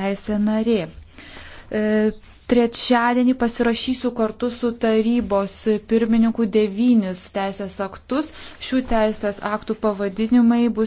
teisė narė. E, trečiadienį pasirašysiu kartu su tarybos pirmininku devynis teisės aktus. Šių teisės aktų pavadinimai bus